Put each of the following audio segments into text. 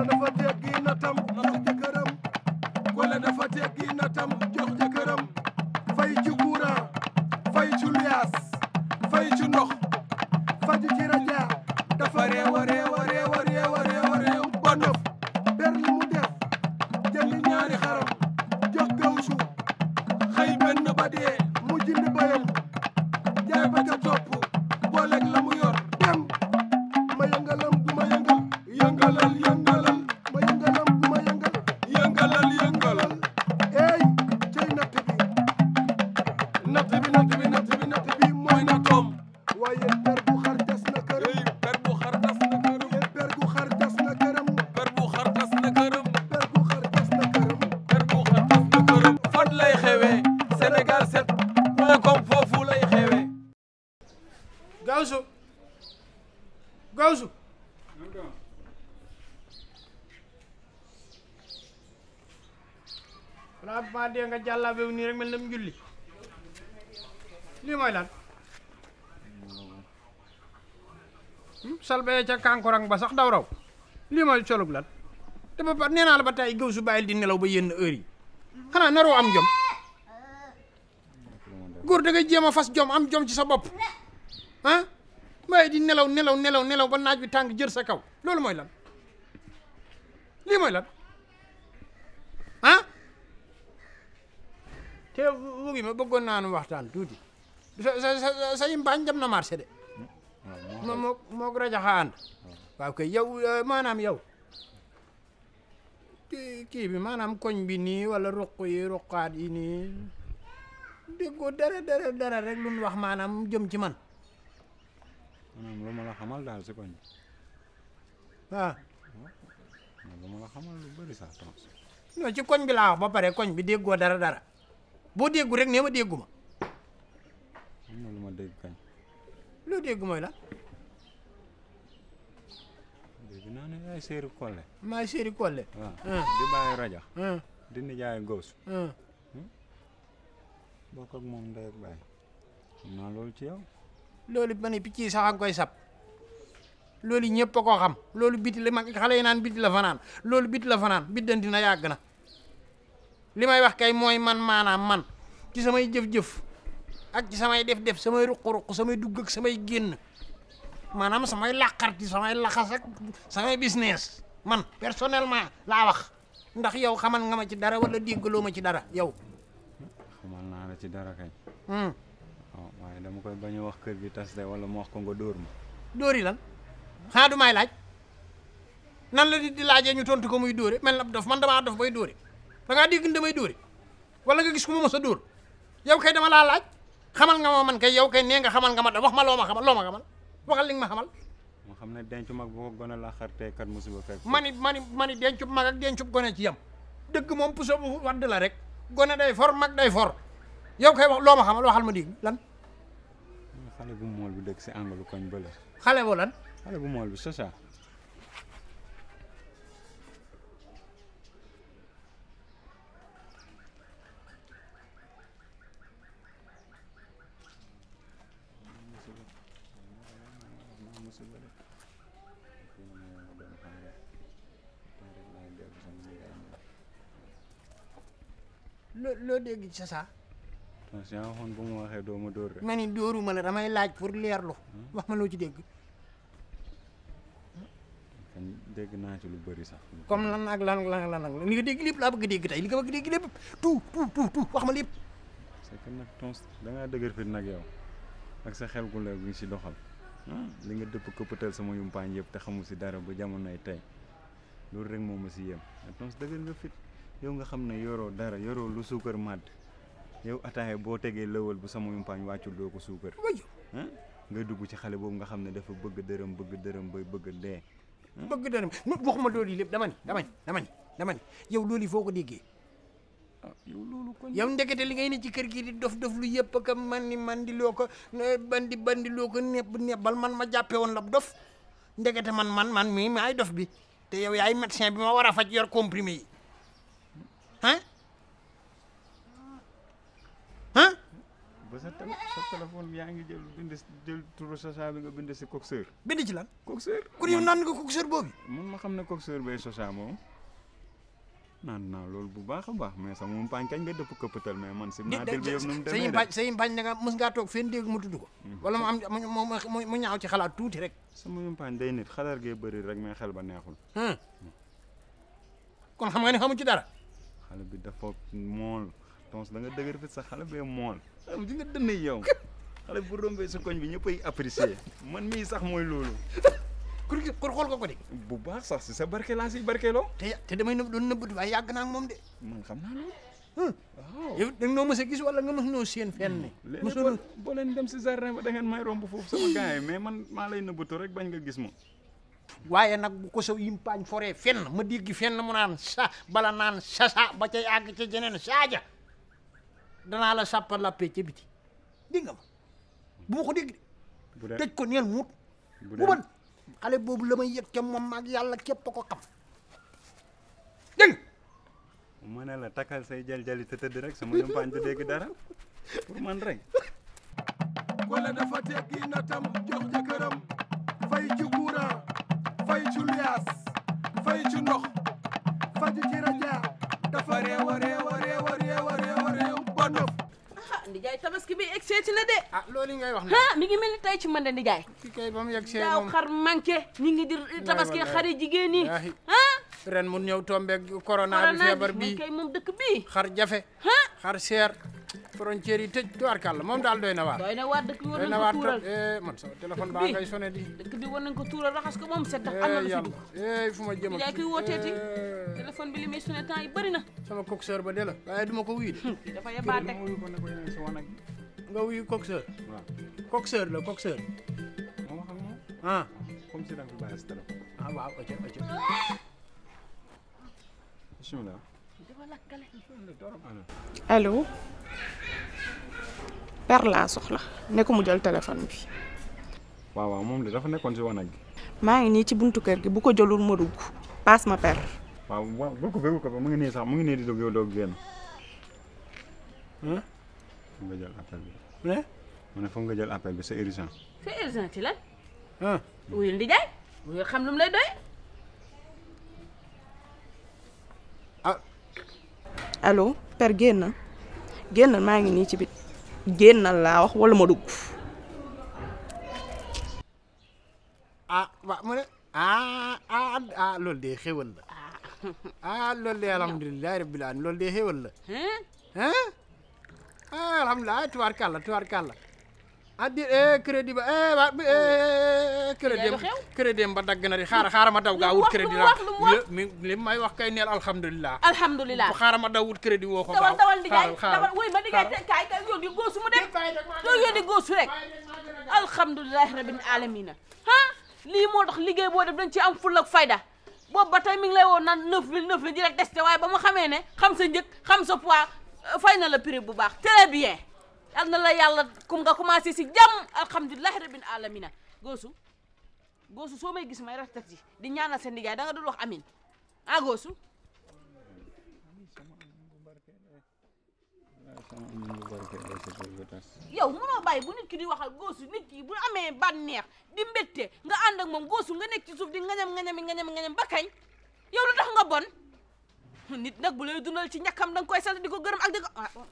Colle dafa teggi natam jox jëkkëram Colle dafa teggi natam jox jëkkëram fay ci courant fay ci luyaas fay ci ndox faju ci raja dafa réew a réew a réew a réew a réew a réew ba nof ber li mu def jëndi ñaari xaram jox gawsu xëy benn ba dee mu jindi bayam jaay ba ca nga jàllaabewu nii rek mel nam julli lii mooy lan hmm, salbayee ca kankurang ba sax daw raw lii mooy solug lan te ba nee naa la ba tey gëw su bàyyil di nelaw ba yenn heure yi naroo am jom góor da ngay jéem a fas jom am jom ci sa bopp ah waaye di nelaw nelaw nelaw nelaw ba naaj bi tàng jër sa kaw loolu mooy lan lii mooy lan ah te mu ngi ma bëggoon naa nu waxtaan tuuti sa sa sa mbaañ dem na marché de. waaw hmm. moo moo rajaxaan waaw kay yow eh, maanaam yow kii bi maanaam koñ bi nii walla ruq yi ruqaat yi nii déggoo dara dara dara rek lu wax maanaam jëm ci man. maanaam lu ma ah. ma la xamal lu bëri sax ci koñ laa wax ba pare koñ bi dara dara. boo déggu rek nee ma déggu ma. lu ma dégg kañ. loo dégg mooy la. dégg naa ne yaay Seeri Kolle. maay Seeri Kolle. waaw ah. di bàyyi raja. Ah. di nijaay góos. Ah. Hmm? bokk ak moom ndey ak baay. xam naa loolu ci yow. loolu ma ne picc yi sax a koy sab loolu ñëpp a ko xam loolu biti la mag xale yi naan biti la fanaan loolu biti la fanaan biddanti na yàgg na. li may wax kay mooy man maanaam man ci samay jëf-jëf ak ci samay def-def samay ruq-ruq samay dugg ak samay génn maanaam samay làqarti samay laxas ak samay business man personnellement laa wax ndax yow xamal nga ma ci dara wala déggaloo ma ci dara yow. xamal naa la ci dara kay. waaw hmm. oh, waaye dama koy bañ a wax kër gi tas de wala mu wax ko nga dóor ma. dóori lan xanaa du may laaj nan la di di laajee ñu tontu ko muy dóore mel na dof man damaa dof bay dóore. dangaa dégg ni damay dóore wala nga gis ku ma sa a dóor yow kay dama laa laaj xamal nga ma man kay yow kay nee nga xamal nga ma da wax ma loo ma xamal ma xamal waxal li ma xamal. moo xam ne denc mag boo ko gone la xartee kat musiba fekk. mani mani mani denc mag ak denc gone ci yam dëgg moom puso bu wadd la rek gone day for mag day for yow kay wax loo ma xamal waxal dégg lan. xale bu mool bi dëkk si angalu koñ bële. xale bu lan. xale bu mool bi c'est ça. loo dégg ci sa. attention waxoon bu ma waxee doo ma dóor rek. ma ni dóoruma la damay laaj pour leerlu. Hmm? wax ma loo ci dégg. dégg naa ci lu bëri sax. comme lan ak lan lan lan li nga laa bëgg dégg tey li nga bëgg dégg lépp tout tout tout tout wax ma lépp. c'est que nag tons da ngaa dëgër fit nag yow ak sa xel gu leer bu si doxal hmm? li nga dëpp këppatal sama yumpaañ yëpp te xamul si dara ba jamonoy tey loolu rek moom si yem tons dëgër nga fit. yow nga xam ne yoroo dara yoroo lu suukar màdd yow ataaya boo tegee lawal bu sama yumpaañ wàccul doo ko suukar nga dugg ci xale boobu nga xam ne dafa bëgg dërëm bëgg dërëm bay bëgg dee bëgg dërëm waxuma loolu yi lépp dama ni dama ni dama dama yow loolu yi foo ko déggee ah, yow loolu kon yow ndekete li nga ne ci kër gi di dof dof lu yëpp ka man ni man di loo ko bandi bandi loo ko nepp nebbal man ma jàppe woon la dof ndekete man man man mii maay dof bi te yow yaay médecin bi ma war a faj comprimé ah. ah. ba sa sa téléphone yaa ngi jël bind jël turu sosa bi nga bind si coxeur. bind ci lan. coxeur ku yow naan nga coxeur boobu. mun ma xam ne coxeur bay sosa moom. naan naa loolu bu baax a baax mais sama mpaañ kañ nga dëpp këppatal mais man si naa del bi yëpp nu mu demee de say mpaañ da nga mës ngaa toog fenn dégg mu tudd ko mhm. wala mu am mu ñaaw ci xalaat tuuti rek sama mpaañ day nit xalaat gee bëri rek mais xel ba neexul hmm. kon xam nga ne xamu ci dara xale bi dafa mool tons da nga dëgër fit sax xale bee mool am ji nga dënne yow xale bu rombee sa koñ bi ñëppay apprécier man mii sax mooy loolu kon xool ko ko de bu baax sax si sa barke laa si barkeeloo te te damay nëb doon nëbbatu waaye yàgg naa ak moom de man xam naa loolu waaw yow da noo mës gis wala nga mës noo seen fenn. Hmm. léegi boo leen dem si jardin ba da ngeen may romb foofu sama gars yi mais man maa lay nëbbatu rek bañ nga gis ma waaye nag bu ko saw yimpaañ foree fenn ma dégg fenn mu naan sa bala naan sasa ba cay àgg ca jeneen saaja danaa la sàppa lappee ca biti dégg ma bu ma ko dégg de tëj ko neen mut bu ban boobu la may yëg ca moom maag yàlla képp ko xam dégg mu ne la takkal say jaljali te tëdd rek sama yumpaañ du dégg dara pour man rek wala dafa teggi natam jox jëkkëram fay jug fay ci luyaas fay ci ndox faju ci raja dafa réew a réew a réew a réew a réew a réew ba nof ah ndijaay tabaski bi egseeti na de ah loolu ngay wax ah mi ngi mel ni tey ci man de ndijaay ki kay ba mu yegg see daaw xar manqué ñu ngi di tabaski xari jigéen yi ah ren mu ñëw tombeeg corona bi feebar bi kay moom dëkk bi xar jafe xar seer frontière yi tëj tubaarkàll moom daal doy na waar. doy na waar dëkk bi war nañ ko tuural eh, man sama téléphone baa ngay sonné di. dëkk bi war nañ tuural raxas ko moom set. am na eh, fi dugg eh, fu ma jëm ak kuy wooteeti téléphone bi li muy yi bëri na. sama coxeur ba de la waaye du ko wuyu dafa yebaate kër wuyu ko ne ko yeneen sama nag. nga wuyu coxeur. waaw coxeur la coxeur. xam nga ah. comme allo per laa soxla ne ko mu jël téléphone bi. waaw waaw moom de dafa nekkoon si wanag gi. maa ngi nii ci buntu kër gi bu ko jëlul ma dugg paas ma per. waaw waaw boo ko bëgg ba mu ngi nii sax mu ngi nee di dugg yow doog génn ah nga jël appel bi. eh mu ne nga jël appel bi c'est urgent. c'est urgent ci lan. ah wuyul di jaay wuyul xam lu mu lay doy. allo per génn génnal maa ngi nii ci bit génnal laa wax wala ma dugg. ah waaw mu ne ah ah ah loolu de xéwal la ah loolu de alhamdulilah rabbil alamin loolu de xéwal la ah alhamdulilah tubaarkàlla tubaarkàlla addi eh, crédit ba waat eh, bi eh, crédit crédit ba dagg na di xaara xaara ma daw gaa wut crédit la mi li may wax kay neel alhamdulilah alhamdulilah xaara ma daw wut crédit woo ko dawal dawal liggéey dawal woy ma liggéey te kaay kaay yoon di góosu mu dem yow yoon di góosu rek alhamdulilahi rabbil alamina ha lii moo tax liggéey boo def dañ ci am ful ak fayda boobu ba tey mi ngi lay woon naan neuf mille neuf la di la testé waaye ba ma xamee ne xam sa njëg xam sa poids fay na la prix bu baax très bien yal na la yàlla kum nga commencé si jàmm alhamdulilah rabbil alamina goosu goosu soo may gis may rafet ji di ñaana seen liggéey da nga dul wax amin ah goosu yow mënoo bàyyi bu nit di waxal goosu nit ki bu amee bànneex di mbette nga ànd ak moom goosu nga nekk ci suuf di ngañam ngañami ngañami ngañam ba kañ yow lu tax nga bon nit nag bu lay dundal ci ñàkkam danga koy sant di ko gërëm ak di ko ah oh,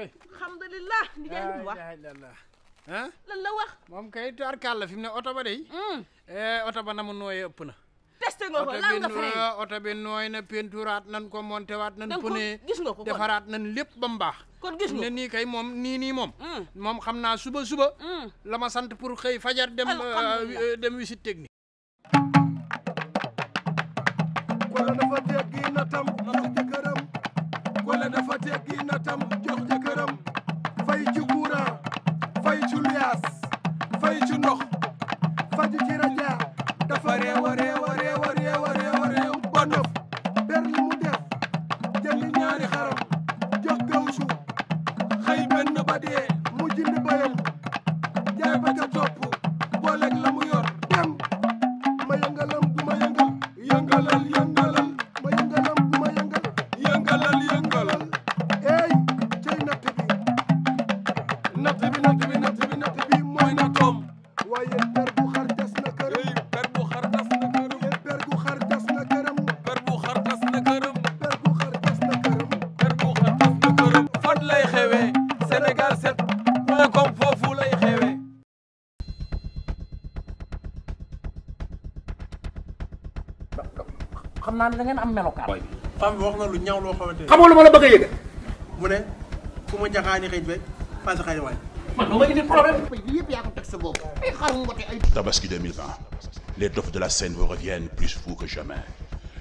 alhamdulilah. li ngeen di wax ah. lan la wax. moom kay tubaarkaal la fi mu ne oto ba de. Hmm. Eh, oto ba na mu nooyee ëpp na. testé nga ko lan nga fay oto bi nooy na peinturaat nan ko monté waat nan pune gis nga ko defaraat nan lépp ba baax. kon gis nga ne nii kay moom nii nii moom. Hmm. moom xam naa suba suba. Hmm. la ma sant pour xëy fajar dem euh, euh, dem visite technique. Kole dafa teggi na tam jox jëkkëram Kole dafa teggi na tam jox jëkkëram xam naa ne da ngeen am wax na lu ñaaw loo xamante ne. xamoo lu ma la bëgg a yëg. mu ne ku ma jaxaani xëy be paase xëy waay. man doo ma les dofs de la scène vous reviennent plus fous que jamais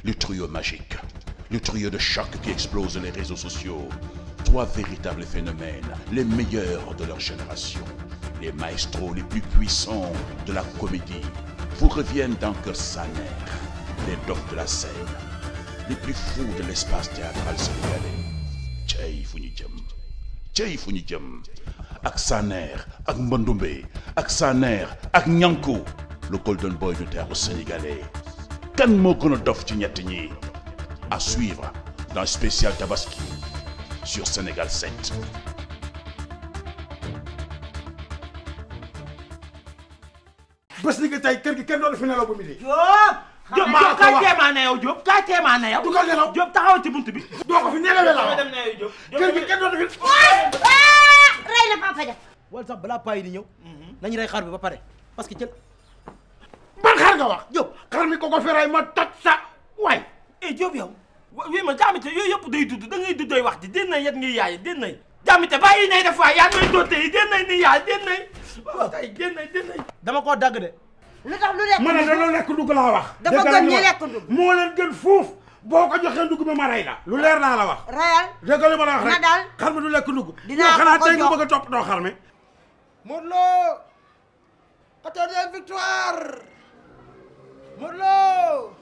le trio magique le trio de choc qui explose les réseaux sociaux trois véritables phénomènes les meilleurs de leur génération les maestros les plus puissants de la comédie vous reviennent dans Kër Saner. les docs de la scène les plus fous de l'espace théâtral sénégalais cey fu ñu jëm cey fu ñu jëm ak Saner ak Mbandumbe ak Saner ak Ñanku le golden boy du théâtre sénégalais kan moo gën a dof ci ñett ñi à suivre dans spécial Tabaski sur Sénégal 7. Diop maa ko wax maa na yow Diop kaay teemaa na yow. du ko nelaw Diop taxawal ci buntu bi. doo ko fi nelawee la kër na papa ja. wala sax balaa paa di ñëw. Mhm. nañu rey xar bi ba pare parce que jël. ban xar nga wax. Diop xar mi ko ko fi ma toj sa e eh Diop yow. wa wii ma jaamite yooyu yëpp day dudd da ngay duddooy wax ji den na yet ngi yaay den nay. jaamite bàyyi nay def waay yaa ngi may dootee yi den nay ni yaay den nay. waaw tay den nay dama koo dagg lu tax lu lekk ndugg ma ne dañoo wax. dafa gën ñu lekk ndugg moo leen gën fuuf boo ko joxee ndugg bi ma rey la. lu leer naa la wax. reyal dëgg la ma la wax rek na daal xar du lekk ndugg. dinaa ko ko jox xanaa tey bëgg a topp doo xar mi. Modou Lo quatorzième victoire Modou Lo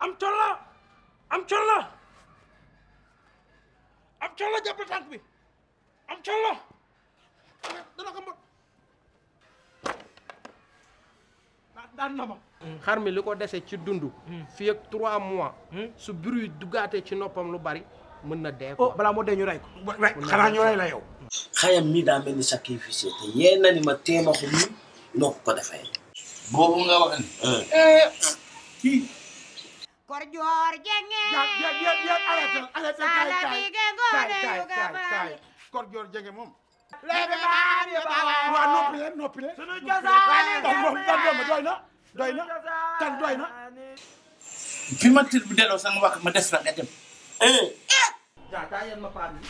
am col la am col la am col am col la dana ko mot. daan na ma xar mi li ko dese ci dund hmm. fii trois mois hmm. su bruit duggaatee ci noppam lu bari mën na dee ko oh, balaa moo dee ñu rey ko ñu rey la yow xayam mi daa mel ni sacrifice te yee na ni ma teemaxu nii noo ko eh. ko kor joor jenge kor joor jenge moom léegi maa ngi bawoo waaw noppi leen noppi leen. sunu cosaan tan moom tan moom doy na doy na tan doy na. fi ma tëdd bu delloo sama wax ma des la nga dem. Eh! jaa taa yéen ma paan bi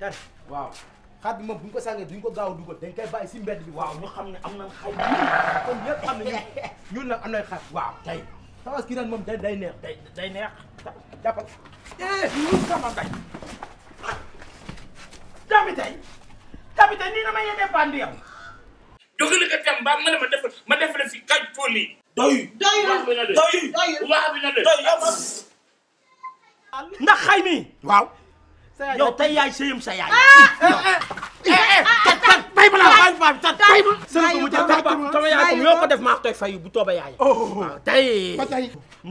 tan waaw. xar bi moom bu ñu ko sàngee duñ ko gaaw a dugal dañ koy bàyyi si mbedd bi waaw ñu xam ne am nañ xar kon ñëpp xam ne ñun nag am nañ xar waaw tey tabaski ren moom day day neex day day neex jàppal eh ñu sama bay dami tey habité nii damay yéene bandi yow. doxali ka tam ba ma ne ma def ma def la fi kaj tool doyul doyul doyul doyul wax bi na de wax bi ndax xay mi waaw. yow tey yaay sëyam sa yaay. Ah, ah, ah, eh, eh, eh, tat bay ma la wax bay tat bay ma. sëriñ bi sama yaay comme yoo ko def maa koy fay bu tooba yaay. Oh. tey.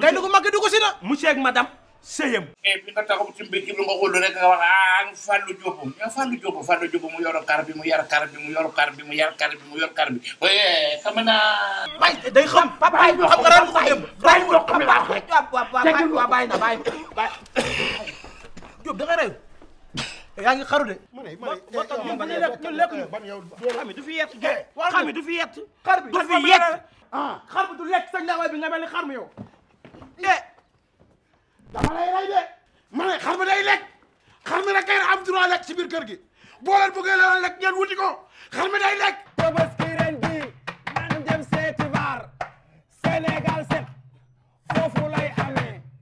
tey du ko mag du ko si na. monsieur ak madame. sëyam et bi nga taxaw a mu bi nga xool rek nga wax ah ka Diop ñoo Fallou Diop Fallou Diop mu yor kar bi mu yar kar bi mu yor kar bi mu yar kar bi mu yor kar bi waaye xam naa bay day xam papa xam bay mu xam baax yaa ngi xaru de ne du fi yett xam bi du fi yett xar bi du fi yett xar bi lekk sa ñaawaay bi nga mel ni xar mi yow dama lay rey de ma ne xar mi day lekk xar mi rek kay am droit lekk ci biir kër gi boo leen bëggee leen lekk ngeen wuti ko xar mi day lekk. Tabaski ren gi nañ dem seeti baar Sénégal.